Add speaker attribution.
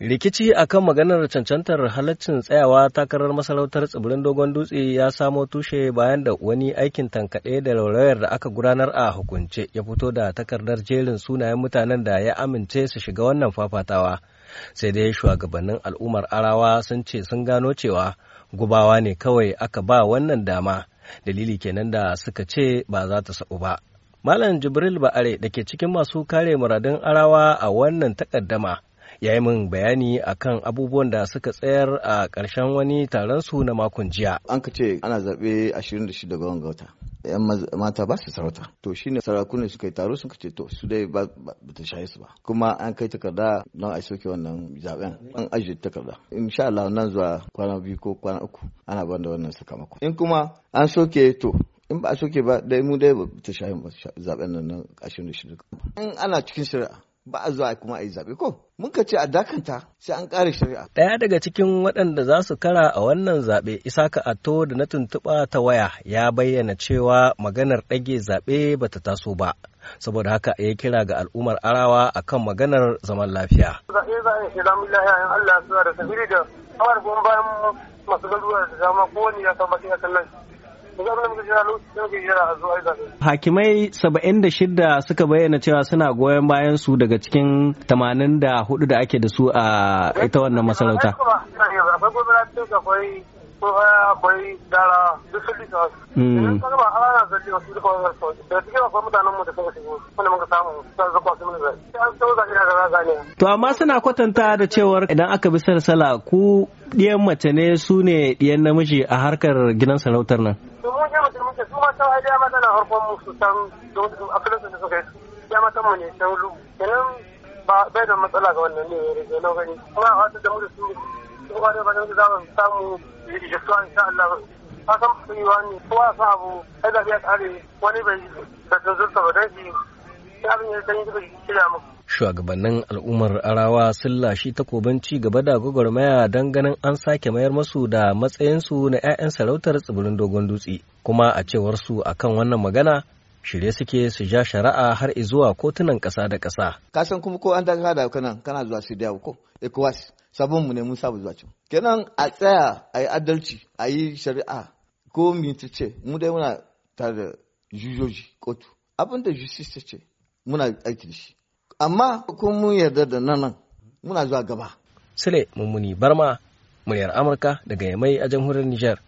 Speaker 1: rikici akan maganar cancantar halaccin tsayawa takarar masarautar tsibirin dogon dutse ya samo tushe bayan da wani aikin tankaɗe da laurayar da aka gudanar a hukunce ya fito da takardar jerin sunayen mutanen da ya amince su shiga wannan fafatawa sai dai shugabannin al'ummar arawa sun ce sun gano cewa gubawa ne kawai aka ba wannan dama dalili kenan da suka ce ba za ta sa'u ba malam jibril ba'are da ke cikin masu kare muradun arawa a wannan takaddama ya yi min bayani akan abubuwan da suka tsayar a ƙarshen wani taron su na makon jiya.
Speaker 2: An ka ce ana zaɓe 26 ga wata. yan mata ba su sarauta to ne sarakunan suka yi taro suka ce to su dai ba ta shayi su ba kuma an kai takarda na a soke wannan zaben an ajiye takarda insha Allah nan zuwa kwana biyu ko kwana uku ana ban da wannan sakamako in kuma an soke to in ba a soke ba dai mu dai ba ta shayi zaben nan 26 in ana cikin shari'a ba a zuwa kuma a yi zaɓe ko mun ka ce a dakanta sai an ƙare shari'a.
Speaker 1: Ɗaya daga cikin waɗanda za su kara a wannan zaɓe Isaka Ato da na tuntuɓa ta waya ya bayyana cewa maganar ɗage zaɓe ba ta taso ba. Saboda haka ya kira ga al'ummar arawa akan maganar zaman lafiya.
Speaker 3: Zaɓe za a yi Allah ya da sabiri da kawar masu da dama kowane ya san baƙi a
Speaker 1: Hakimai saba'in da shida suka bayyana cewa suna goyon bayan su daga cikin tamanin da hudu da ake da su a ita wannan masarauta. da hmm. su To amma suna kwatanta da cewar idan aka bi sarsala ku ɗiyan mace ne su ne ɗiyan namiji a harkar gidan sarautar nan.
Speaker 3: lokacin muke su mata ai da mata harkon mu san don da suka yi ya mata mu ne san lu kenan ba bai da matsala ga wannan ne ya rage na gani kuma a wata da su su ba da bane za mu samu su Allah san su yi wani kowa sa abu sai da ya wani bai da ba dan
Speaker 1: shugabannin al'ummar arawa sun lashi takobin ci gaba da gwagwarmaya don ganin an sake mayar masu da matsayinsu na 'ya'yan sarautar tsibirin dogon dutse kuma a cewar su akan wannan magana shirye suke su ja shari'a har zuwa kotunan ƙasa da ƙasa.
Speaker 2: kasan kuma ko an daga da kanan kana zuwa su dawo ko ecowas sabon mu ne mun sabu zuwa kenan a tsaya a yi adalci a yi shari'a ko mintice mu dai muna tare da jujoji kotu abin da justice ce muna aiki da shi amma kun mun yarda da nan muna zuwa gaba
Speaker 1: sule mummuni barma muryar amurka daga yamai a jamhuriyar niger